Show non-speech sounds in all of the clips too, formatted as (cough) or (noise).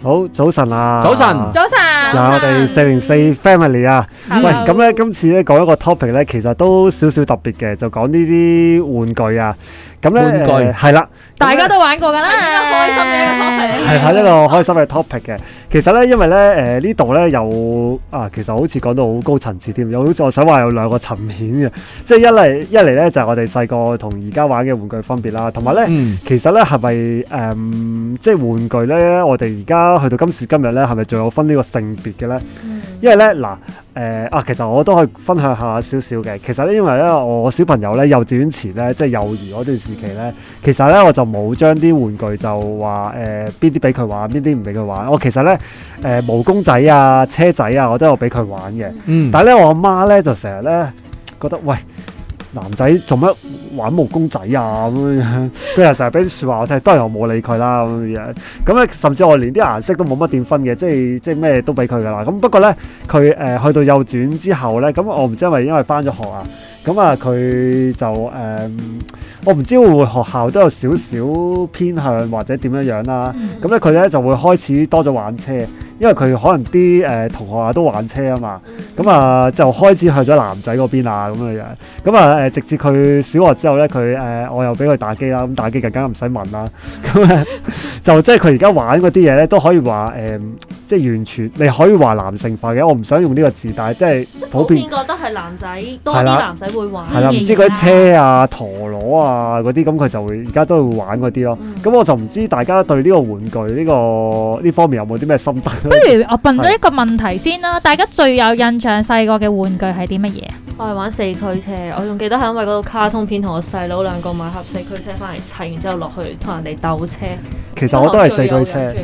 好，早晨啊！早晨，早晨，嗱，我哋四零四 family 啊。喂，咁咧、嗯、今次咧講一個 topic 咧，其實都少少特別嘅，就講呢啲玩具啊。咁咧，玩具，係啦，大家都玩過噶啦、哎，開心嘅一個 topic，係喺呢個、啊、開心嘅 topic 嘅。其實咧，因為咧，誒、呃、呢度咧有啊，其實好似講到好高層次添，有好似我想話有兩個層面嘅，即係一嚟一嚟咧就係、是、我哋細個同而家玩嘅玩具分別啦，同埋咧，嗯、其實咧係咪誒，即係玩具咧，我哋而家去到今時今日咧，係咪仲有分呢個性別嘅咧？嗯、因為咧嗱。誒啊、呃，其實我都可以分享下少少嘅。其實咧，因為咧，我小朋友咧，幼稚園前咧，即係幼兒嗰段時期咧，其實咧，我就冇將啲玩具就話誒邊啲俾佢玩，邊啲唔俾佢玩。我其實咧誒、呃、毛公仔啊、車仔啊，我都有俾佢玩嘅。嗯，但係咧，我阿媽咧就成日咧覺得喂，男仔做乜玩毛公仔啊？咁樣，佢又成日俾啲説話我聽，都係我冇理佢啦咁樣。咁咧，甚至我連啲顏色都冇乜點分嘅，即係即係咩都俾佢噶啦。咁不過咧，佢誒、呃、去到幼轉之後咧，咁我唔知係咪因為返咗學啊？咁啊，佢就誒、呃，我唔知會唔會學校都有少少偏向或者點樣樣、啊、啦。咁咧，佢咧就會開始多咗玩車。因為佢可能啲誒、呃、同學啊都玩車啊嘛，咁啊、嗯嗯、就開始去咗男仔嗰邊啊咁嘅樣，咁啊誒直至佢小學之後咧，佢誒我又俾佢打機啦，咁打機更加唔使問啦，咁、嗯、咧 (laughs) (laughs) 就即係佢而家玩嗰啲嘢咧都可以話誒、嗯，即係完全你可以話男性化嘅，我唔想用呢個字，但係即係普，普遍覺得係男仔多啲男仔會玩啦、啊，唔、啊啊、知佢啲車啊陀螺啊嗰啲咁佢就會而家都會玩嗰啲咯，咁、嗯嗯、我就唔知大家對呢個玩具呢、呢個呢、呢個、方面有冇啲咩心得？不如我問咗一個問題先啦，大家最有印象細個嘅玩具係啲乜嘢？我係玩四驅車，我仲記得係因為嗰個卡通片同我細佬兩個買盒四驅車翻嚟砌，然之後落去同人哋鬥車。其實我都係四驅車，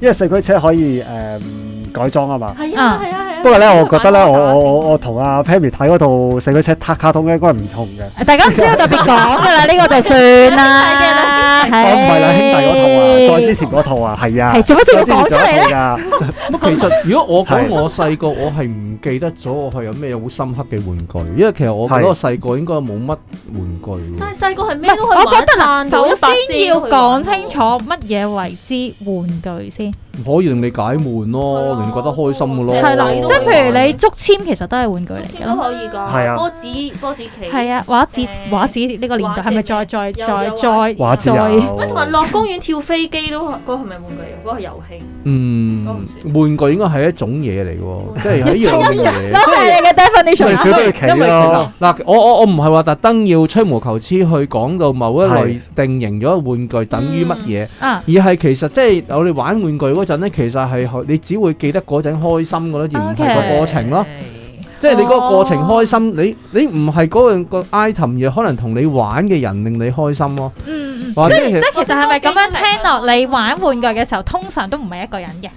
因為四驅車可以誒、嗯、改裝啊嘛。係啊係啊不過咧，我覺得咧，我我我我同阿 Pammy 睇嗰套《小汽車》卡通咧，應該係唔同嘅。大家唔需要特別講噶啦，呢個就算啦。我唔係啦，兄弟嗰套啊，再之前嗰套啊，係啊，點解要講出嚟咧？咁其實，如果我講我細個，我係唔記得咗我係有咩好深刻嘅玩具，因為其實我覺得我細個應該冇乜玩具。但係細個係咩都可以玩。我覺得首先要講清楚乜嘢為之玩具先，唔可以令你解悶咯，令你覺得開心噶咯。即係譬如你竹籤其實都係玩具嚟嘅，都可以噶，係啊，波子、波子棋，係啊，畫紙、畫紙呢個年代係咪再再再再再？唔係同埋落公園跳飛機都嗰個係咪玩具啊？嗰個遊戲，嗯，玩具應該係一種嘢嚟嘅，即係一樣嘢，即係你嘅 definition。最少都要企咯。嗱，我我我唔係話特登要吹毛求疵去講到某一類定型咗玩具等於乜嘢，嗯，而係其實即係我哋玩玩具嗰陣咧，其實係你只會記得嗰陣開心嗰啲。係個過程咯，即係你嗰個過程開心，你你唔係嗰樣個 item 嘢，可能同你玩嘅人令你開心咯。嗯嗯，即係即係，其實係咪咁樣聽落？你玩玩具嘅時候，通常都唔係一個人嘅。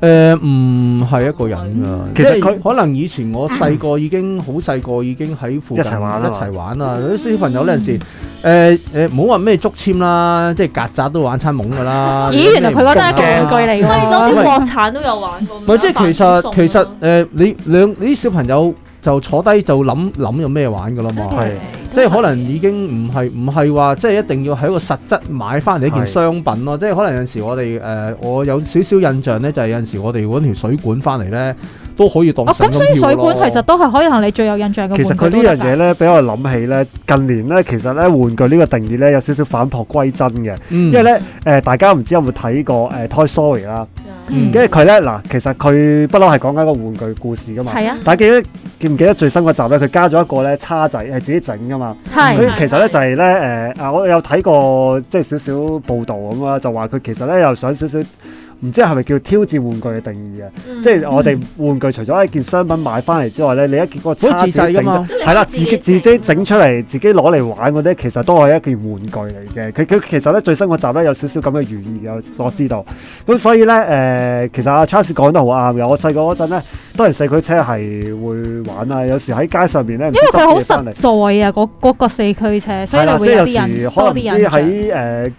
誒，唔係一個人噶，其實佢可能以前我細個已經好細個已經喺附近一齊玩啊！啲小朋友嗰陣時，誒誒，唔好話咩竹簽啦，即係曱甴都玩餐懵噶啦。咦，原來佢覺得係一個玩具嚟，多啲國產都有玩過。唔係，即係其實其實誒，你兩你啲小朋友。就坐低就諗諗有咩玩㗎喇嘛，係 Okay, 即係可能已經唔係唔係話即係一定要喺個實質買翻嚟一件商品咯，是即係可能有陣時我哋誒、呃、我有少少印象咧，就係、是、有陣時我哋揾條水管翻嚟咧都可以當咁，所以水管其實都係可以同你最有印象嘅。其實佢呢樣嘢咧，俾我諗起咧，近年咧其實咧玩具呢個定義咧有少少反璞歸真嘅，嗯、因為咧誒、呃、大家唔知有冇睇過誒、呃、Toy Story 啦。嗯，跟住佢咧，嗱，其實佢不嬲係講緊一個玩具故事噶嘛。係是啊，但係記得，記唔記得最新嗰集咧？佢加咗一個咧叉仔係自己整噶嘛。係。佢其實咧是是 就係咧誒啊！我有睇過即係少少報導咁啊，就話佢其實咧又想少少。唔知係咪叫挑戰玩具嘅定義啊？嗯、即係我哋玩具除咗一件商品買翻嚟之外咧，嗯、你一件個叉子整出，係啦，自己自己整出嚟，嗯、自己攞嚟玩嗰啲，其實都係一件玩具嚟嘅。佢佢其實咧最新嗰集咧有少少咁嘅寓意，我所知道。咁、嗯、所以咧誒、呃，其實阿叉子講得好啱嘅。我細個嗰陣咧。多人四驅車係會玩啊！有時喺街上面咧，因為佢好實在啊，嗰嗰個四驅車，所以你會有啲人多啲喺誒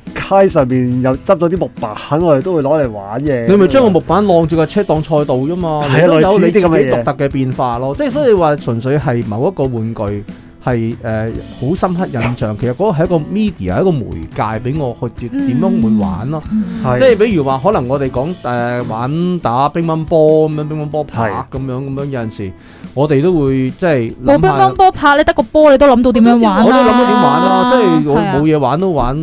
街上面又執咗啲木板，我哋都會攞嚟玩嘅。你咪將個木板晾住架車當賽道啫嘛？係啊，你有呢啲咁嘅嘢，獨特嘅變化咯。即係所以話純粹係某一個玩具。嗯係誒好深刻印象， (laughs) 其實嗰個係一個 media，一個媒介俾我去點點樣去玩咯、啊。嗯、即係比如話，可能我哋講誒玩打乒乓波咁樣，乒乓波拍咁樣咁樣，有陣時我哋都會即係冇乒乓波拍，你得個波你都諗到點樣玩、啊、我，我都諗到點玩啦、啊，啊、即係我冇嘢玩都玩。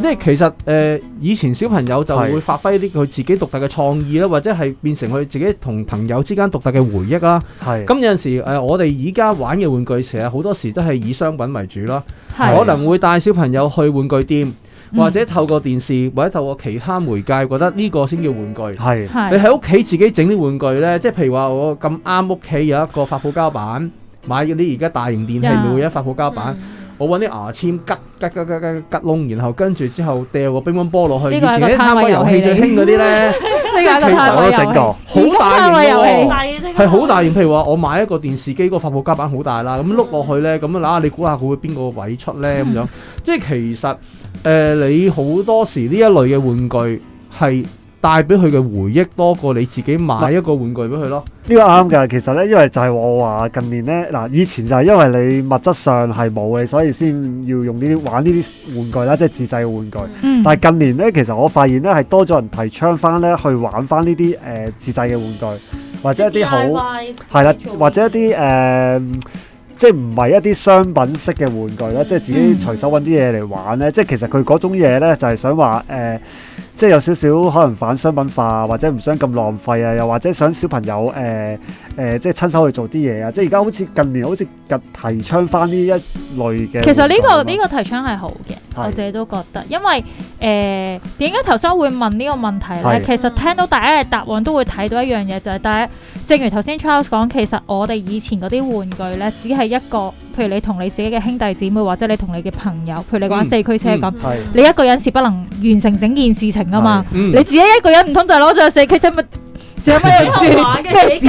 即係的其實誒。呃以前小朋友就會發揮啲佢自己獨特嘅創意啦，是或者係變成佢自己同朋友之間獨特嘅回憶啦。咁是有陣時誒、呃，我哋而家玩嘅玩具成日好多時都係以商品為主啦。是可能會帶小朋友去玩具店，或者透過電視、嗯、或者透過其他媒介，覺得呢個先叫玩具。是你喺屋企自己整啲玩具呢？即係譬如話我咁啱屋企有一個發泡膠板，買嗰啲而家大型電器，咪會有發泡膠板？嗯我揾啲牙籤吉吉吉吉吉吉窿，然後跟住之後掉個乒乓波落去。以前啲攤位遊戲最興嗰啲咧，即係全部都整個，好大型遊戲。係好大型。譬如話，我買一個電視機個發泡膠板好大啦，咁碌落去咧，咁啊嗱，你估下佢會邊個位出咧？咁樣？即係其實誒，你好多時呢一類嘅玩具係。帶俾佢嘅回憶多過你自己買一個玩具俾佢咯，呢個啱㗎。其實呢，因為就係我話近年呢，嗱以前就係因為你物質上係冇嘅，所以先要用呢啲玩呢啲玩具啦，即係自製嘅玩具。嗯、但係近年呢，其實我發現呢，係多咗人提倡翻呢去玩翻呢啲誒自製嘅玩具，或者一啲好係啦，或者一啲誒、呃、即係唔係一啲商品式嘅玩具啦，嗯、即係自己隨手揾啲嘢嚟玩呢。即係、嗯、其實佢嗰種嘢呢，就係、是、想話誒。呃即係有少少可能反商品化，或者唔想咁浪費啊，又或者想小朋友誒誒、呃呃，即係親手去做啲嘢啊。即係而家好似近年好似提倡翻呢一類嘅。其實呢、呢個呢、呢個提倡係好嘅，的我自己都覺得，因為誒點解頭先會問呢個問題咧？的其實聽到大家嘅答案都會睇到一樣嘢，就係、是、大家正如頭先 Charles 講，其實我哋以前嗰啲玩具咧，只係一個。譬如你同你自己嘅兄弟姊妹，或者你同你嘅朋友，譬如你玩四驅車咁，你一個人是不能完成整件事情噶嘛。你自己一個人唔通就攞咗個四驅車咪？仲有咩事啊？呢件事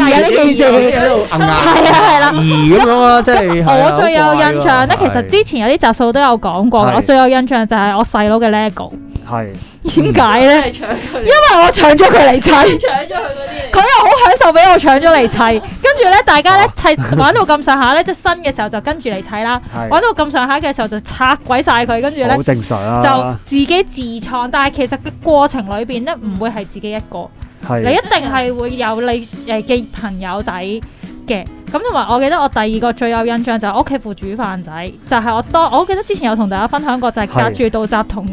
係啊，係啦，咁樣即係我最有印象咧，其實之前有啲集數都有講過。我最有印象就係我細佬嘅 LEGO。係點解咧？是為因為我搶咗佢嚟砌，搶咗佢，佢又好享受俾我搶咗嚟砌。跟住咧，大家咧砌、啊、玩到咁上下咧，即 (laughs) 新嘅時候就跟住嚟砌啦。是玩到咁上下嘅時候就拆鬼晒佢。跟住咧，好正常啊、就自己自創，但係其實個過程裏邊咧唔會係自己一個，是你一定係會有你誒嘅朋友仔嘅。咁同埋，我記得我第二個最有印象就係屋企副煮飯仔，就係、是、我當我記得之前有同大家分享過，就係隔住道閘同。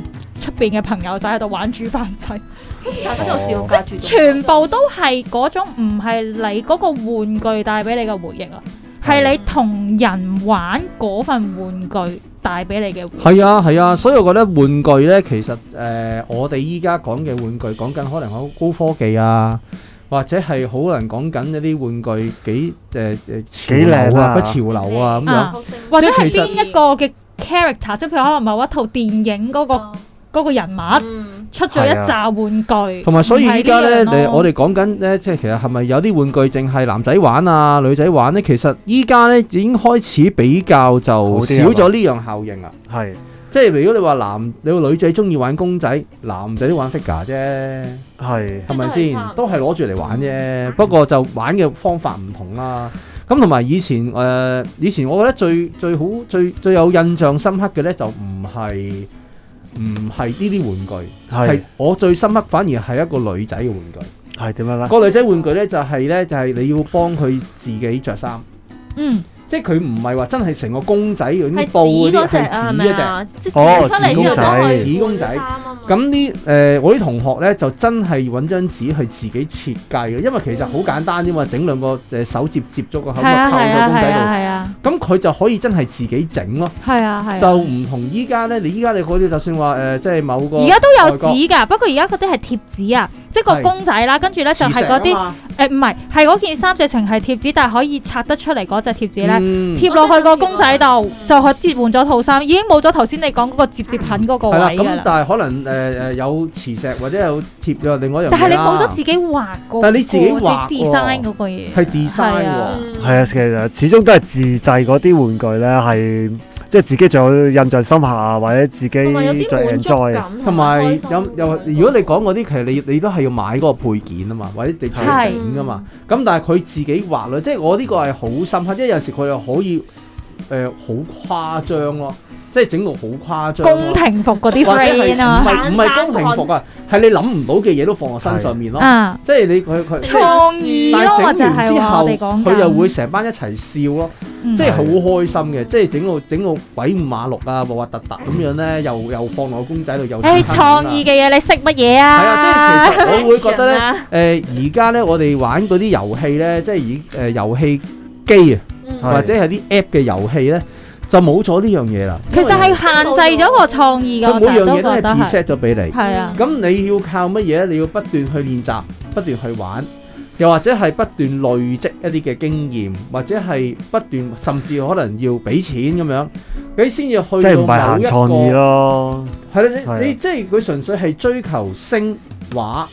出邊嘅朋友仔喺度玩煮飯仔，喺度笑，即係全部都係嗰種唔係你嗰個玩具帶俾你嘅回應啊，係你同人玩嗰份玩具帶俾你嘅回應啊。係啊係啊，所以我覺得玩具呢，其實誒，我哋依家講嘅玩具講緊可能好高科技啊，或者係好難講緊一啲玩具幾誒誒潮流啊，嘅潮流啊咁樣，或者係邊一個嘅 character，即係譬如可能某一套電影嗰個。嗰個人物、嗯、出咗一紮玩具，同埋、啊、所以依家呢，啊、我哋講緊呢，即係其實係咪有啲玩具淨係男仔玩啊，女仔玩呢，其實依家呢已經開始比較就少咗呢樣效應啊。係，即係如果你話男你個女仔中意玩公仔，男仔都玩 figure 啫。係、嗯，係咪先？都係攞住嚟玩啫。不過就玩嘅方法唔同啦。咁同埋以前誒、呃，以前我覺得最最好最最有印象深刻嘅呢，就唔係。唔係呢啲玩具，係是我最深刻，反而係一個女仔嘅玩具，係點樣咧？個女仔玩具咧就係、是、咧就係、是、你要幫佢自己着衫。嗯。即係佢唔係話真係成個公仔用啲布嘅，係紙一隻，哦，紙公仔，紙公仔。咁、嗯呃、呢，誒，我啲同學咧就真係搵張紙去自己設計嘅，因為其實好簡單啫嘛，整兩、嗯、個誒手接接觸個口，咁啊扣咗公仔度。咁佢、啊啊啊啊、就可以真係自己整咯。係啊係。啊啊就唔同依家咧，你依家你佢哋就算話誒、呃，即係某個而家都有紙噶，不過而家嗰啲係貼紙啊。即個公仔啦，跟住咧就係嗰啲誒，唔係係嗰件三隻情係貼紙，但係可以拆得出嚟嗰隻貼紙咧，貼落去個公仔度，再可換咗套衫，已經冇咗頭先你講嗰個摺摺品嗰個位啦。咁但係可能誒誒有磁石或者有貼咗另外一樣，但係你冇咗自己畫過，但係你自己畫過嗰個嘢，係 design 喎，係啊，其實始終都係自製嗰啲玩具咧係。即係自己仲有印象深刻，或者自己最 enjoy，同埋有有受。有如果你講嗰啲，其實你你都係要買嗰個配件啊嘛，或者自己整噶嘛。咁的但係佢自己畫咯，即係我呢個係好深刻，即係有時佢又可以誒好誇張咯。即係整到好誇張，宮廷服嗰啲 friend 啊，或者係唔係唔係宮廷服啊？係你諗唔到嘅嘢都放我身上面咯。即係你佢佢創意咯，或者係我哋講價。但係整完之後，佢又會成班一齊笑咯，即係好開心嘅。即係整到整到鬼五馬六啊，核核突突咁樣咧，又又放落個公仔度又。哎，創意嘅嘢，你識乜嘢啊？係啊，即係其實我會覺得咧，誒而家咧，我哋玩嗰啲遊戲咧，即係以誒遊戲機啊，或者係啲 app 嘅遊戲咧。就冇咗呢樣嘢啦，其實係限制咗個創意噶，我覺得、啊、佢每樣嘢都係 preset 咗俾你，係啊、嗯。咁你要靠乜嘢？你要不斷去練習，不斷去玩，又或者係不斷累積一啲嘅經驗，或者係不斷甚至可能要俾錢咁樣，你先要去到有創意咯。係啦，你的你，你即係佢純粹係追求升畫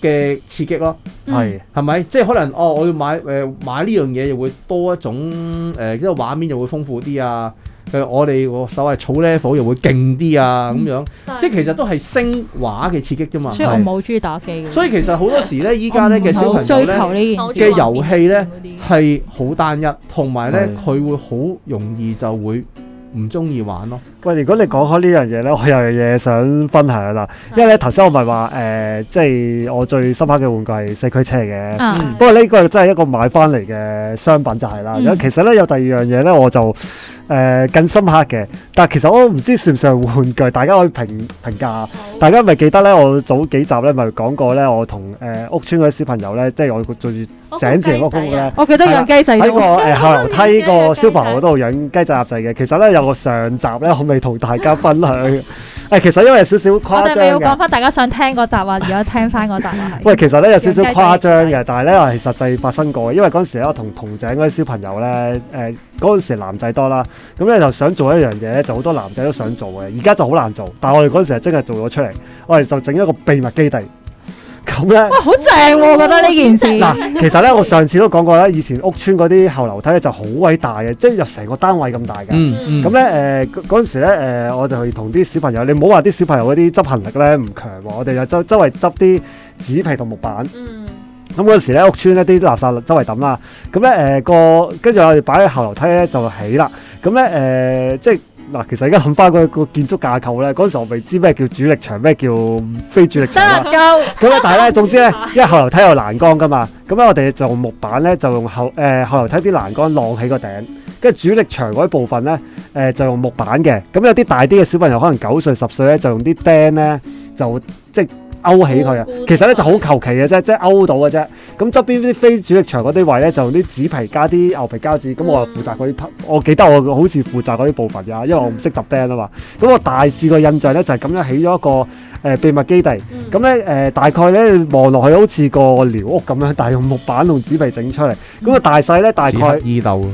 嘅刺激咯，係係咪？即係可能哦，我要買誒、呃，買呢樣嘢又會多一種誒，即係畫面又會豐富啲啊！誒、呃，我哋個所謂草 level 又會勁啲啊！咁、嗯、樣，嗯、即係其實都係聲畫嘅刺激啫嘛。所以我冇中意打機嘅。是所以其實好多時咧，依家咧嘅小朋友咧嘅遊戲咧係好單一，同埋咧佢會好容易就會唔中意玩咯。喂，如果你講開呢樣嘢咧，我有樣嘢想分享啦。因為咧頭先我咪話誒，即係我最深刻嘅玩具係四區車嘅。嗯、不過呢個真係一個買翻嚟嘅商品就係啦。其實呢，有第二樣嘢呢，我就。誒、呃、更深刻嘅，但係其實我唔知算唔算玩具，大家可以評評價下。的大家咪記得咧，我早幾集咧咪講過咧，我同誒、呃、屋村嗰啲小朋友咧，即係我住井字屋公咧，我記得養雞仔喺、啊、的個誒的、呃、下樓梯 (laughs) 個消防嗰度養雞仔鴨仔嘅。其實咧有個上集咧，我未同大家分享。 (laughs) (laughs) 誒，其實因為有少少誇張，我哋咪要講翻大家想聽嗰集啊，而家聽翻嗰集啊。喂， (laughs) 其實咧有少少誇張嘅，但係咧係實際發生過嘅。因為嗰陣時咧，我同同井嗰啲小朋友咧，誒、呃，嗰陣時男仔多啦，咁咧就想做一樣嘢咧，就好多男仔都想做嘅。而家就好難做，但係我哋嗰陣時係真係做咗出嚟，我哋就整一個秘密基地。咁咧，哇，好正喎，啊！覺得呢件事嗱， (laughs) 其實咧，我上次都講過咧，以前屋村嗰啲後樓梯咧就好偉大嘅，即係就成個單位咁大嘅。嗯，咁咧誒，嗰陣時咧誒，我哋同啲小朋友，你唔好話啲小朋友嗰啲執行力咧唔強喎，我哋就周周圍執啲紙皮同木板。嗯，咁嗰陣時咧屋村咧啲垃圾周圍抌啦，咁咧誒，個跟住我哋擺喺後樓梯咧就起啦，咁咧誒即係。嗱，其實而家諗翻個建築架構咧，嗰陣時候我未知咩叫主力牆，咩叫非主力牆啦。咁啊，但係咧，總之咧，行因為後樓梯有欄杆噶嘛，咁咧我哋就用木板咧就用後誒、呃、後樓梯啲欄杆晾起個頂，跟住主力牆嗰部分咧誒、呃、就用木板嘅。咁有啲大啲嘅小朋友可能九歲十歲咧，就用啲釘咧就即。勾起佢啊！其實咧就好求其嘅啫，即係勾到嘅啫。咁側邊啲非主力場嗰啲位咧，就用啲紙皮加啲牛皮膠紙。咁、嗯、我係負責嗰啲，我記得我好似負責嗰啲部分嘅，因為我唔識揼 b a 啊嘛。咁我大致個印象咧就係、是、咁樣起咗一個誒、呃、秘密基地。咁咧誒大概咧望落去好似個寮屋咁樣，但係用木板同紙皮整出嚟。咁啊、嗯、大細咧大概。二度。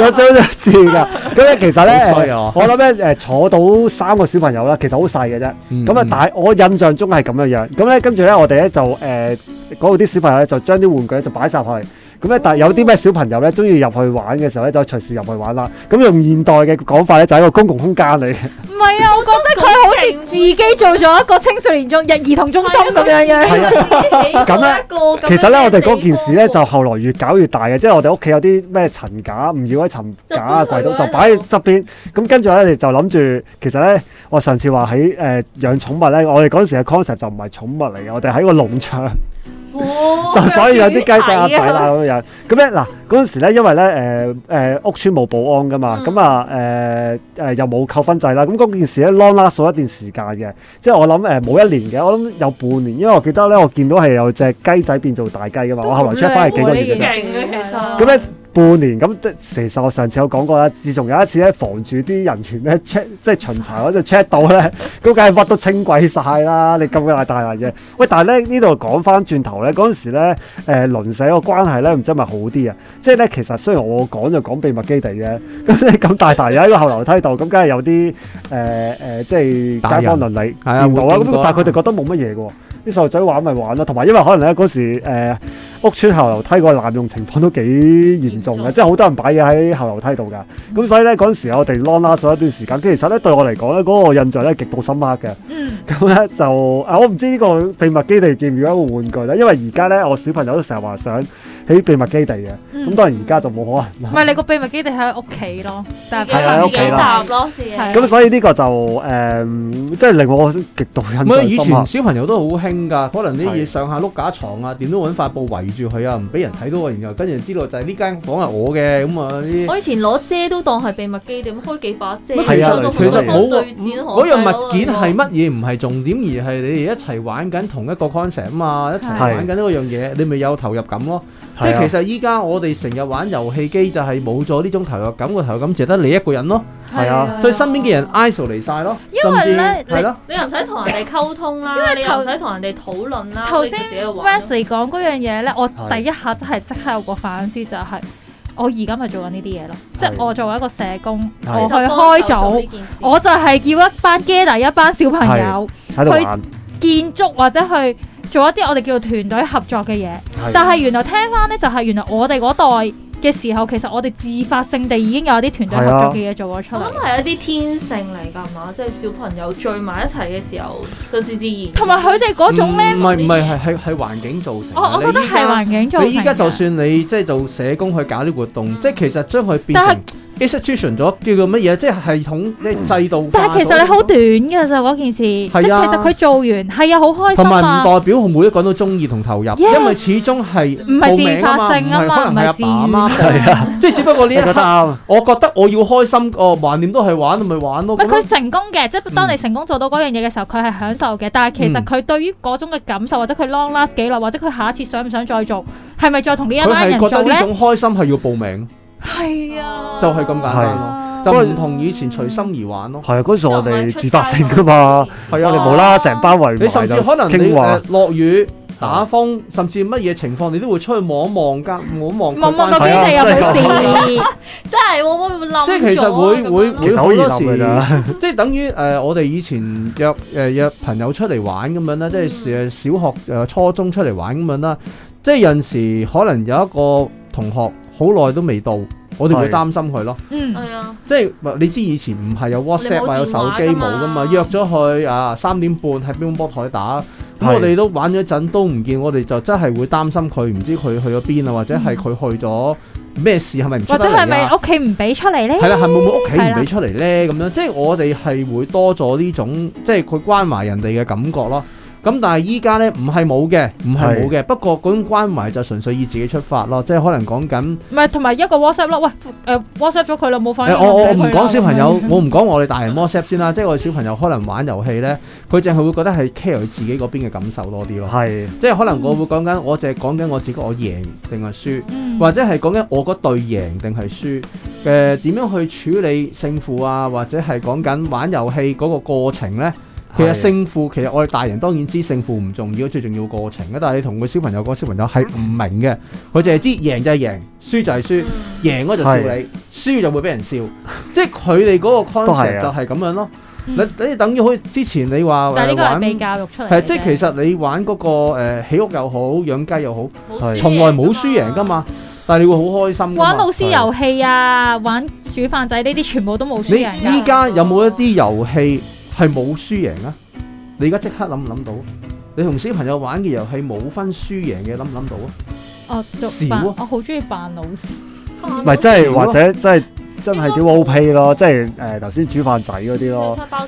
有少少似噶，咁咧其實咧，我諗咧誒坐到三個小朋友啦，其實好細嘅啫。咁啊，但我印象中係咁樣樣。咁咧，跟住咧，我哋咧就誒嗰度啲小朋友咧就將啲玩具咧就擺晒去。咁咧，但係有啲咩小朋友咧中意入去玩嘅時候咧，就隨時入去玩啦。咁用現代嘅講法咧，就係一個公共空間嚟。唔係啊，我覺得佢好。自己做咗一個青少年中日兒童中心咁的樣嘅，咁咧，其實咧，我哋嗰件事咧就後來越搞越大嘅， (laughs) 即係我哋屋企有啲咩陳架唔要喺陳架啊，櫃都就擺喺側邊，咁跟住咧，我就諗住其實咧，我上次話喺誒養寵物咧，我哋嗰陣時嘅 concept 就唔係寵物嚟嘅，我哋喺個農場。 (laughs) 哦、就所以有啲雞仔鴨仔啦咁樣，咁咧嗱，嗰陣時咧，因為咧誒誒屋村冇保安噶嘛，咁啊誒誒又冇扣分制啦，咁嗰件事咧 long last 咗一段時間嘅，即係我諗誒冇一年嘅，我諗有半年，因為我記得咧，我見到係有隻雞仔變做大雞噶嘛，我後來出翻嚟幾個月嘅。咁咧。半年咁，即其實我上次有講過啦。自從有一次咧，防住啲人員咧 check，即係巡查嗰陣 check 到咧，咁梗係屈到清鬼晒啦。你咁大大嘅，喂，但係咧呢度講翻轉頭咧，嗰陣時咧，誒、呃、鄰舍個關係咧，唔知係咪好啲啊？即係咧，其實雖然我講就講、是、秘密基地嘅，咁咁大大又喺個後樓梯度，咁梗係有啲誒誒，即係街坊鄰里見到啊。咁但係佢哋覺得冇乜嘢嘅喎。啲細路仔玩咪玩咯，同埋因為可能咧嗰時、呃、屋村後樓梯個濫用情況都幾嚴重嘅，重即係好多人擺嘢喺後樓梯度噶。咁、嗯、所以咧嗰陣時我哋 long 拉咗一段時間，其實咧對我嚟講咧嗰個印象咧極度深刻嘅。咁咧、嗯、就、啊、我唔知呢個秘密基地見唔見一個玩具咧，因為而家咧我小朋友都成日話想。喺秘密基地嘅，咁當然而家就冇可能。唔係你個秘密基地喺屋企咯，但係自己搭咯，是啊。咁所以呢個就誒，即係令我極度。唔係以前小朋友都好興㗎，可能啲嘢上下碌架牀啊，點都揾塊布圍住佢啊，唔俾人睇到啊，然後跟住知道就係呢間房係我嘅咁啊。我以前攞遮都當係秘密基地，開幾把遮，其實好多方對戰。嗰樣物件係乜嘢唔係重點，而係你哋一齊玩緊同一個 concept 啊嘛，一齊玩緊呢個樣嘢，你咪有投入感咯。即係其實依家我哋成日玩遊戲機就係冇咗呢種投入感。個投入感，就係得你一個人咯，係啊，所以身邊嘅人 isol 嚟曬咯，甚至係咯，你又唔使同人哋溝通啦，因為你又唔使同人哋討論啦。頭先 Vanis 講嗰樣嘢咧，我第一下真係即刻有個反思，就係我而家咪做緊呢啲嘢咯，即係我作為一個社工，我去開組，我就係叫一班 gather 一班小朋友去建築或者去。做一啲我哋叫做團隊合作嘅嘢，的但係原來聽翻呢，就係、是、原來我哋嗰代嘅時候，其實我哋自發性地已經有啲團隊合作嘅嘢做咗出嚟。我諗係一啲天性嚟㗎嘛，即、就、係、是、小朋友聚埋一齊嘅時候就自自然。同埋佢哋嗰種呢、嗯？唔係唔係係係環境造成。我我覺得係環境造成你。你依家就算你即係、就是、做社工去搞啲活動，嗯、即係其實將佢變。institution 咗叫做乜嘢？即係系統、啲制度。但係其實你好短嘅就嗰件事。係啊。即係其實佢做完係啊，好開心啊。同埋唔代表係每一個人都中意同投入，因為始終係報名啊嘛。唔係自發性啊嘛。唔係自發性。即係只不過呢一刻，我覺得我要開心，哦，橫掂都係玩，咪玩咯。咪佢成功嘅，即係當你成功做到嗰樣嘢嘅時候，佢係享受嘅。但係其實佢對於嗰種嘅感受，或者佢 long last 幾耐，或者佢下一次想唔想再做，係咪再同呢一班人做咧？佢係覺得呢種開心係要報名。係啊，就係咁簡單咯，就唔同以前隨心而玩咯。係啊，嗰時我哋自發性噶嘛。係啊，我哋冇啦，成班圍埋就傾話。甚至可能你誒落雨打風，甚至乜嘢情況，你都會出去望一望噶。望一望，望望到邊地又去試。真係，即係其實會會好多時，即係等於誒，我哋以前約誒約朋友出嚟玩咁樣啦，即係誒小學誒初中出嚟玩咁樣啦。即係有陣時可能有一個同學，好耐都未到，我哋會擔心佢咯。嗯，係啊，即係你知以前唔係有 WhatsApp 啊，有，有手機冇㗎嘛？約咗佢啊，三點半喺乒乓波台打，咁是我哋都玩咗陣都唔見，我哋就真係會擔心佢，唔、嗯、知佢去咗邊啊，或者係佢去咗咩事，係咪唔出得嚟啊？或者係咪屋企唔俾出嚟咧，係啦，係冇冇屋企唔俾出嚟咧咁樣，即係我哋係會多咗呢種即係佢關懷人哋嘅感覺咯。咁、嗯、但係依家呢，唔係冇嘅，唔係冇嘅。不，是不過嗰種關懷就純粹以自己出發咯，即係可能講緊唔係同埋一個 WhatsApp 咯。喂，誒 WhatsApp 咗佢啦，冇反應。我我我唔講小朋友， (laughs) 我唔講我哋大人 WhatsApp 先啦。 (laughs) 即係我哋小朋友可能玩遊戲呢，佢淨係會覺得係 care 佢自己嗰邊嘅感受多啲咯。係是，即係可能我會講緊，嗯、我淨係講緊我自己，我贏定係輸，嗯、或者係講緊我嗰隊贏定係輸。誒、呃，點樣去處理勝負啊？或者係講緊玩遊戲嗰個過程呢。其實勝負其實我哋大人當然知勝負唔重要，最重要過程啊！但係你同個小朋友講，個小朋友係唔明嘅，佢淨係知贏就係贏，輸就係輸，嗯、贏嗰就笑你，是的 輸就會俾人笑，嗯、即係佢哋嗰個 concept 就係咁樣咯。你是、啊、你等於好似之前你話、嗯呃、但就係呢個未教育出嚟。係即係其實你玩嗰、嗰個、呃、起屋又好，養雞又好，啊、從來冇輸贏㗎嘛。但係你會好開心。玩老師遊戲啊，玩煮飯仔呢啲全部都冇輸贏。依家有冇一啲遊戲？係冇輸贏啊！你而家即刻諗唔諗到？你同小朋友玩嘅遊戲冇分輸贏嘅，諗唔諗到啊？哦，少啊！我好中意扮老，唔係即係或者即係。真係啲 OK 咯，即係誒頭先煮飯仔嗰啲咯。包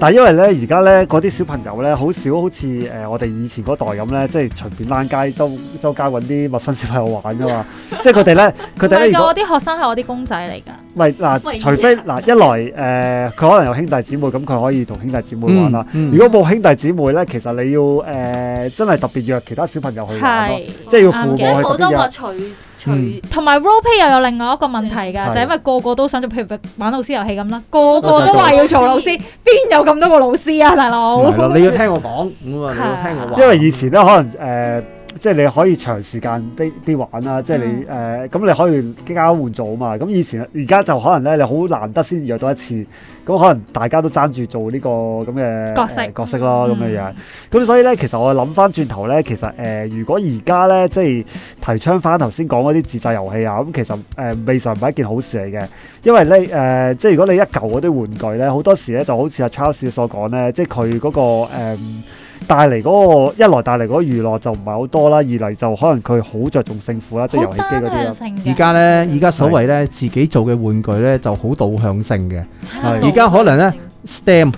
但係因為咧，而家咧嗰啲小朋友咧，好少好似誒我哋以前嗰代咁咧，即係隨便攬街周周街揾啲陌生小朋友玩噶嘛。 (laughs) 即係佢哋咧，佢哋如果我啲學生係我啲公仔嚟㗎。唔係嗱，除非嗱喂、啊啊、一來誒，佢、呃、可能有兄弟姊妹，咁佢可以同兄弟姊妹玩啦。如果冇兄弟姊妹咧，其實你要誒、呃、真係特別約其他小朋友去玩，的即係要父母去好多物取。除同埋 role play 又有另外一個問題㗎，的就係因為個個都想做，譬如玩老師遊戲咁啦，個個都話要做老師，邊有咁多個老師啊，大佬？你要聽我講咁啊，的你要聽我話，的因為以前咧可能誒。呃即係你可以長時間啲啲玩啦、啊，即係你誒咁、嗯呃、你可以交換做啊嘛。咁以前而家就可能咧，你好難得先約到一次。咁可能大家都爭住做呢、這個咁嘅角色、呃、角色咯咁嘅、嗯、樣。咁所以咧，其實我諗翻轉頭咧，其實誒、呃，如果而家咧，即係提倡翻頭先講嗰啲自製遊戲啊，咁、嗯、其實誒、呃，未嘗唔係一件好事嚟嘅。因為咧誒、呃，即係如果你一舊嗰啲玩具咧，好多時咧就好似阿 Charles 所講咧，即係佢嗰個、嗯帶嚟嗰個一來帶嚟嗰個娛樂就唔係好多啦，二嚟就可能佢好著重勝負啦，即係遊戲機嗰啲啦。而家咧，而家所謂咧，自己做嘅玩具咧，就好導向性嘅。而家可能咧，STEM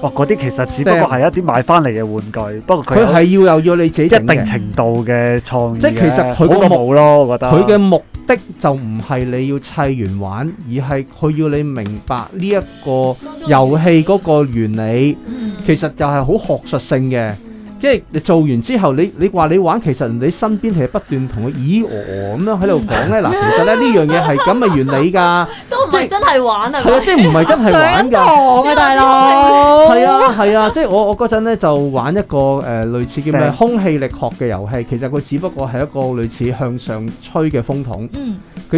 哦，嗰啲其實只不過係一啲買翻嚟嘅玩具。不過佢係要又要你自己一定程度嘅創意。即係其實佢嗰個冇咯，我覺得。佢嘅目的就唔係你要砌完玩，而係佢要你明白呢一個遊戲嗰個原理。其實就係好學術性嘅，即係你做完之後，你你話你玩，其實你身邊係不斷同佢咿咿哦哦咁樣喺度講咧。嗱，嗯嗯嗯嗯、其實咧呢 (laughs) 樣嘢係咁嘅原理噶，都唔係真係玩啊！係啊，即係唔係真係玩噶，大佬。係啊係啊， (laughs) 即係我我嗰陣咧就玩一個誒、呃、類似叫咩空氣力學嘅遊戲，其實佢只不過係一個類似向上吹嘅風筒。佢、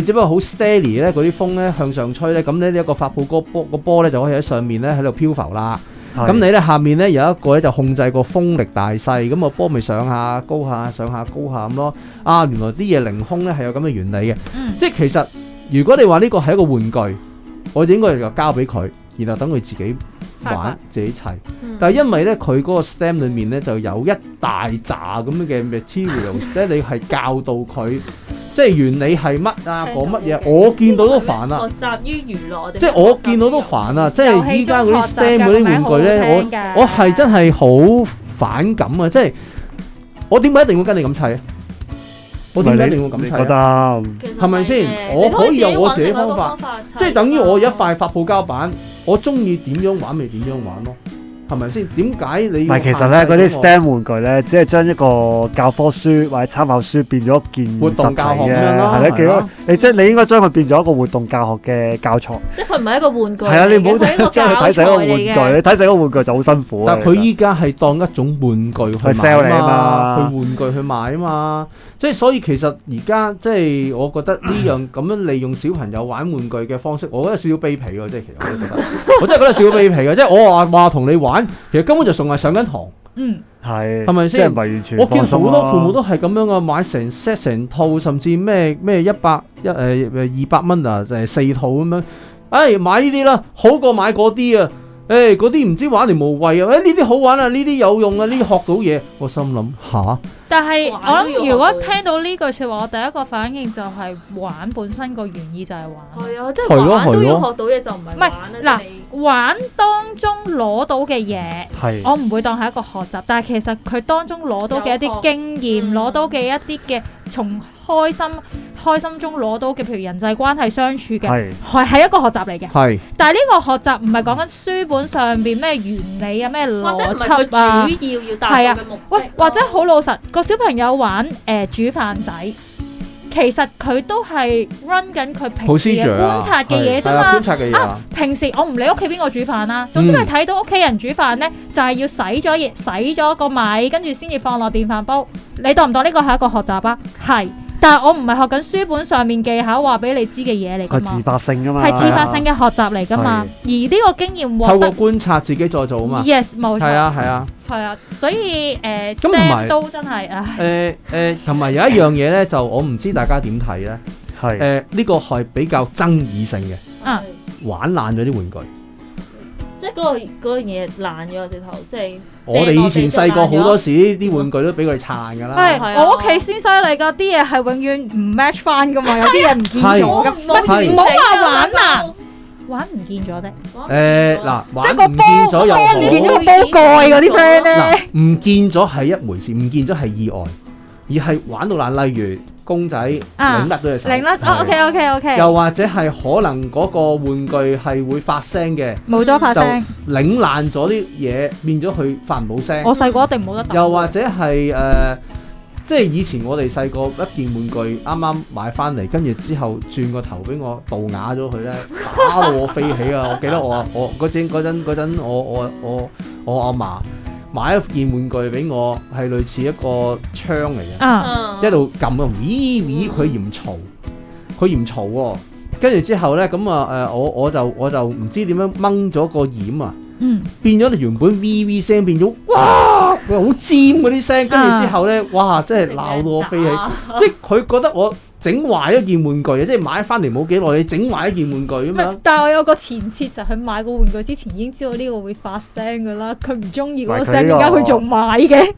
嗯、只不過好 steady 呢嗰啲風咧向上吹咧，咁咧呢一個發泡個波個波咧就可以喺上面咧喺度漂浮啦。咁你咧下面咧有一個咧就控制個風力大細，咁、那個波咪上下高下上下高下咁咯。啊，原來啲嘢凌空咧係有咁嘅原理嘅。嗯、即係其實如果你話呢個係一個玩具，我就應該就交俾佢，然後等佢自己玩白自己砌。但係因為咧佢嗰個 STEM 裡面咧就有一大紮咁嘅 material 咧，嗯、即係你係教導佢，即係原理係乜啊？講乜嘢？我見到都煩啊！學習於娛樂，於娛樂即係我見到都煩啊！即係依家嗰啲 STEM 嗰啲玩具咧，我我係真係好反感啊！啊即係我點解一定要跟你咁砌啊？我點解一定要咁砌啊？係咪先？吧可我可以有我自己方法，方法啊、即係等於我有一塊發泡膠板，我鍾意點樣玩咪點樣玩咯。係咪先？點解你唔係其實咧，嗰啲 STEM 玩具咧，只係將一個教科書或者參考書變咗一件活動教學咁樣啦。係咯，幾多？你即係你應該將佢變咗一個活動教學嘅教材。即係佢唔係一個玩具。係啊，你唔好將佢睇成一個玩具。你睇成一個玩具就好辛苦。但係佢依家係當一種玩具去 sell 你啊嘛，去玩具去賣啊嘛。即係所以其實而家即係我覺得呢樣咁樣利用小朋友玩玩具嘅方式，我覺得少少卑鄙咯，即係其實我都覺得， (laughs) 我真係覺得少少卑鄙嘅，即係我話話同你玩，其實根本就仲係上緊堂。嗯，係係咪先？我見好多父母都係咁樣啊，買成 set 成套，甚至咩咩一百一誒二百蚊啊，就係、是、四套咁樣。誒、哎、買呢啲啦，好過買嗰啲啊！誒，嗰啲唔知玩嚟無謂啊！誒、欸，呢啲好玩啊，呢啲有用啊，呢啲學到嘢，我心諗吓。但係我諗，如果聽到呢句說話，我第一個反應就係玩本身個原意就係玩。係啊，即係玩都要學到嘢就唔係。唔係嗱，玩當中攞到嘅嘢，我唔會當係一個學習，但係其實佢當中攞到嘅一啲經驗，攞、嗯、到嘅一啲嘅從。開心開心中攞到嘅，譬如人際關係相處嘅，係係是一個學習嚟嘅。係是，但係呢個學習唔係講緊書本上邊咩原理啊，咩邏輯啊，係啊，啊。喂，或者好老實，個小朋友玩誒、呃、煮飯仔，其實佢都係 run 緊佢平時嘅觀察嘅嘢啫嘛。觀察嘅嘢啊，啊，平時我唔理屋企邊個煮飯啦、啊，總之佢睇到屋企人煮飯咧，嗯、就係要洗咗嘢，洗咗個米，跟住先至放落電飯煲。你當唔當呢個係一個學習啊？係、啊。但係我唔係學緊書本上面技巧，話俾你知嘅嘢嚟噶嘛？係自發性噶嘛？係、啊啊、自發性嘅學習嚟噶嘛？啊、而呢個經驗獲得，透過觀察自己再做啊嘛？Yes，冇錯。係啊係啊。係啊，啊，所以誒，咁唔係都真係誒誒，同、哎、埋、呃呃、有，有一樣嘢咧，就我唔知大家點睇咧？係誒、啊、呢、呃這個係比較爭議性嘅。嗯、啊，玩爛咗啲玩具。即係嗰個樣嘢爛咗隻頭，即係我哋以前細個好多時啲玩具都俾佢拆爛噶啦。係我屋企先犀利噶，啲嘢係永遠唔 match 翻噶嘛。有啲嘢唔見咗，唔好話玩爛，玩唔見咗啫。誒嗱，即係唔見咗又好。嗱，唔見咗係一回事，唔見咗係意外，而係玩到爛，例如。公仔擰甩咗隻手，擰甩。哦，OK，OK，OK。又或者係可能嗰個玩具係會發聲嘅，冇咗發聲，就擰爛咗啲嘢，變咗佢發唔到聲。我細個一定冇得打。又或者係誒，即係以前我哋細個一件玩具啱啱買翻嚟，跟住之後轉個頭俾我度瓦咗佢咧，打到我飛起啊！我記得我啊，我嗰陣嗰陣嗰陣，我我我我阿嫲。買一件玩具俾我，係類似一個槍嚟嘅，uh, 一路撳啊，v v 佢嫌嘈，佢嫌嘈，跟住之後咧，咁啊誒，我我就我就唔知點樣掹咗個掩啊，變咗啲原本 v v 聲變咗，哇！佢好尖嗰啲聲，跟住之後咧，哇！真係鬧到我飛起，即係佢覺得我。整壞一件玩具啊！即係買翻嚟冇幾耐，你整壞一件玩具啊嘛。唔係，但係我有個前設，就係佢買個玩具之前已經知道呢個會發聲嘅啦。佢唔中意嗰個聲，點解佢仲買嘅？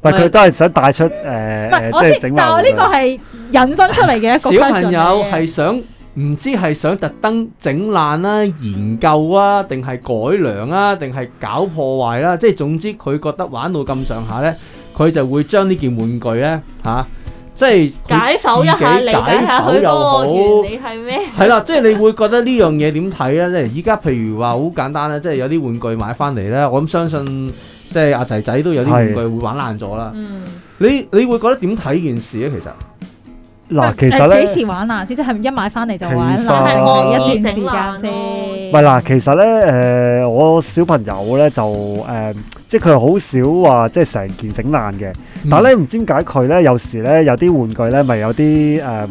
但係佢都係想帶出誒，即係整壞。我知，但係我呢個係引申出嚟嘅一個小朋友係想唔知係想特登整爛啦，研究啊、定係改良啊、定係搞破壞啦。即係總之，佢覺得玩到咁上下咧，佢就會將呢件玩具咧嚇。即係解手一下，理解下佢又好。你係咩？係啦，即係你會覺得呢樣嘢點睇咧？即係依家譬如話好簡單咧，即係有啲玩具買翻嚟咧，我諗相信，即係阿仔仔都有啲玩具會玩爛咗啦。嗯，你你會覺得點睇件事咧？其實嗱，其實咧，幾時玩啊？即係係一買翻嚟就玩，定係耐一段時間先？唔係嗱，其實咧，誒。我小朋友咧就誒、呃，即係佢好少話，即係成件整爛嘅。嗯、但係咧，唔知點解佢咧有時咧有啲玩具咧，咪有啲誒、呃，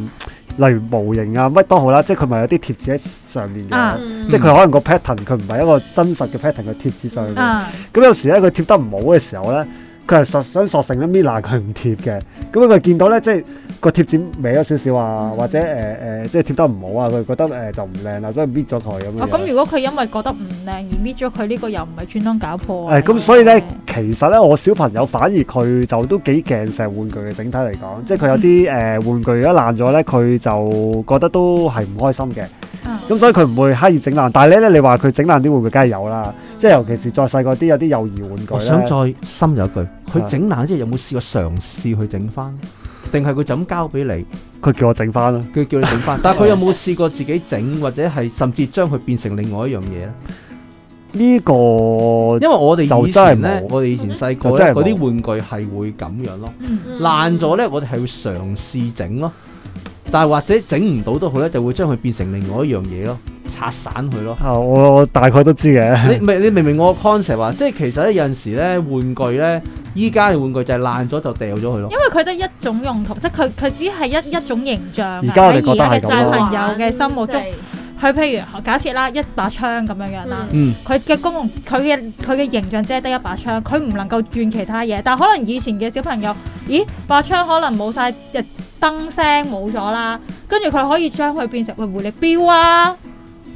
例如模型啊乜都好啦，即係佢咪有啲貼紙喺上面嘅、啊。嗯、即係佢可能個 pattern 佢唔係一個真實嘅 pattern，佢貼紙上嘅。咁、嗯、有時咧佢貼得唔好嘅時候咧，佢係索想索性咧搣爛，佢唔貼嘅。咁樣佢見到咧，即係。個貼紙歪咗少少啊，或者誒誒，即係貼得唔好啊，佢覺得誒就唔靚啦，所以搣咗佢咁樣。哦，咁如果佢因為覺得唔靚而搣咗佢呢個，又唔係專登搞破啊？誒，咁所以咧，其實咧，我小朋友反而佢就都幾錫玩具嘅整體嚟講，即係佢有啲誒玩具如果爛咗咧，佢就覺得都係唔開心嘅。咁所以佢唔會刻意整爛，但係咧，你話佢整爛啲玩具梗係有啦，即係尤其是再細個啲有啲幼兒玩具。我想再深入一句，佢整爛即係有冇試過嘗試去整返？定係佢就咁交俾你，佢叫我整翻咯。佢叫你整翻， (laughs) 但係佢有冇試過自己整，或者係甚至將佢變成另外一樣嘢咧？呢、這個，因為我哋以前咧，我哋以前細個嗰啲玩具係會咁樣咯，爛咗咧，我哋係會嘗試整咯。但係或者整唔到都好咧，就會將佢變成另外一樣嘢咯，拆散佢咯、啊我。我大概都知嘅。你咪你明明我 concept 話，即係其實咧有陣時咧玩具咧。依家嘅玩具就係爛咗就掉咗佢咯。因為佢得一種用途，即係佢佢只係一一種形象喺而家嘅小朋友嘅心目中。佢哇譬如假設啦，一把槍咁樣樣啦，佢嘅功能佢嘅佢嘅形象只係得一把槍，佢唔能夠轉其他嘢。但係可能以前嘅小朋友，咦，把槍可能冇晒嘅燈聲冇咗啦，跟住佢可以將佢變成個回力標啊。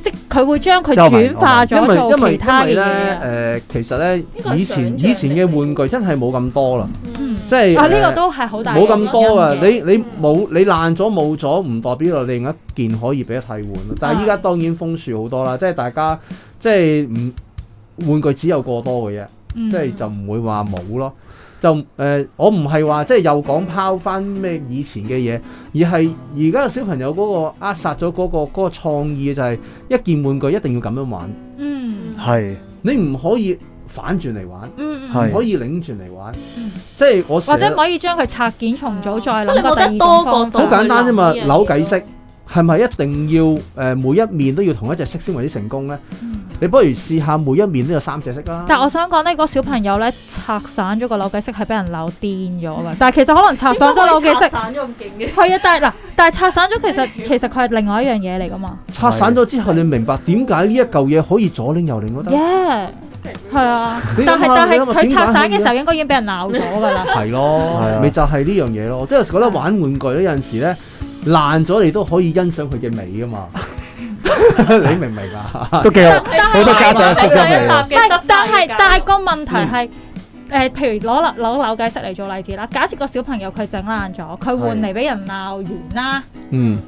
即佢會將佢轉化咗做其他嘅嘢。其實咧，以前以前嘅玩具真係冇咁多啦。即係啊，呢個都係好大嘅原因。冇咁多啊！你你冇你爛咗冇咗，唔代表就另一件可以俾佢替換。但係依家當然風樹好多啦，即係大家即係唔玩具只有過多嘅啫，即係就唔會話冇咯。就誒、呃，我唔係話即係又講拋翻咩以前嘅嘢，而係而家嘅小朋友嗰個扼殺咗嗰、那個嗰、那個、創意就係、是、一件玩具一定要咁樣玩，嗯，嗯，係你唔可以反轉嚟玩，嗯，嗯，唔、嗯、可以擰轉嚟玩，嗯嗯即係我，即係可以將佢拆件重組再諗個異方，好簡單啫嘛，扭計骰，係咪一定要誒、呃、每一面都要同一隻色先為之成功咧？嗯你不如試下每一面都有三隻色啦。但係我想講呢個小朋友咧拆散咗個扭計色係俾人扭癲咗嘅。但係其實可能拆散咗扭計色，係啊！但係嗱，但係拆散咗其實 (laughs) 其實佢係另外一樣嘢嚟噶嘛。拆散咗之後，你明白點解呢一嚿嘢可以左擰右擰嗰啲？耶，係啊！但係但係佢拆散嘅時候應該已經俾人扭咗啦，係咯，咪 (laughs) (laughs) 就係呢樣嘢咯。即係覺得玩玩具咧有陣時咧爛咗，你都可以欣賞佢嘅美啊嘛。 (laughs) 你明唔明啊？都幾好，好是多家長都收、嗯、但係但係個問題係，誒，嗯、譬如攞樓攞扭計骰嚟做例子啦。假設個小朋友佢整爛咗，佢換嚟俾人鬧完啦。嗯。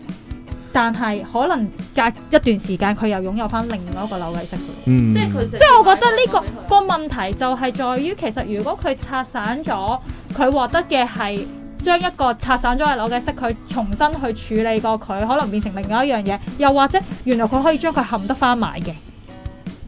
但係可能隔一段時間，佢又擁有翻另外一個扭計骰、嗯、即係佢即係我覺得呢個個問題就係在於，其實如果佢拆散咗，佢獲得嘅係。將一個拆散咗嘅裸嘅色，佢重新去處理過佢，可能變成另外一樣嘢，又或者原來佢可以將佢冚得返埋嘅。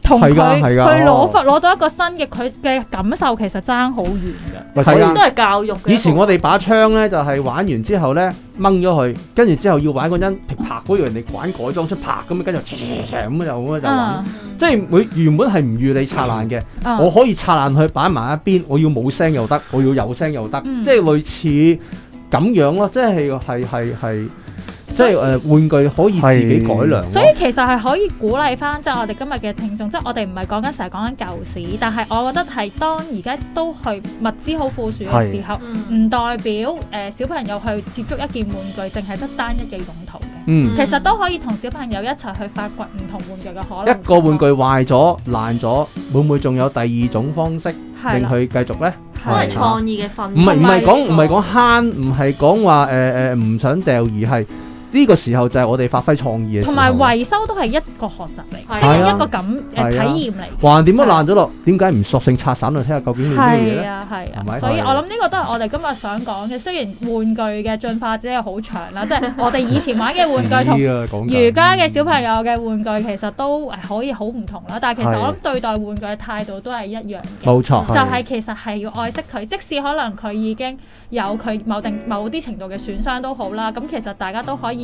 同佢佢攞攞到一個新嘅佢嘅感受，其實爭好遠嘅，嗰啲都係教育嘅。以前我哋把槍咧就係、是、玩完之後咧掹咗佢，跟住之後要玩嗰陣拍嗰樣，人哋玩改裝出拍咁樣，跟住聲聲咁又咁就玩。即係佢原本係唔預你拆爛嘅，嗯啊、我可以拆爛佢擺埋一邊，我要冇聲又得，我要有聲又得、嗯，即係類似咁樣咯。即係係係係。即係誒玩具可以自己改良，所以其實係可以鼓勵返，即係我哋今日嘅聽眾，即係我哋唔係講緊成日講緊舊時，但係我覺得係當而家都係物資好富庶嘅時候，唔代表誒小朋友去接觸一件玩具淨係得單一嘅用途嘅，其實都可以同小朋友一齊去發掘唔同玩具嘅可能。一個玩具壞咗爛咗，會唔會仲有第二種方式，令佢繼續呢？係創意嘅氛圍，唔係唔係講唔係講慳，唔係講話誒誒唔想掉，而係。呢個時候就係我哋發揮創意嘅時候。同埋維修都係一個學習嚟，即係一個咁誒體驗嚟。橫掂都爛咗落？點解唔索性拆散嚟睇下究竟亂咗嘢？係啊係啊。所以我諗呢個都係我哋今日想講嘅。雖然玩具嘅進化史係好長啦，即係我哋以前玩嘅玩具同而家嘅小朋友嘅玩具其實都可以好唔同啦。但係其實我諗對待玩具嘅態度都係一樣嘅。冇錯，就係其實係要愛惜佢，即使可能佢已經有佢某定某啲程度嘅損傷都好啦。咁其實大家都可以。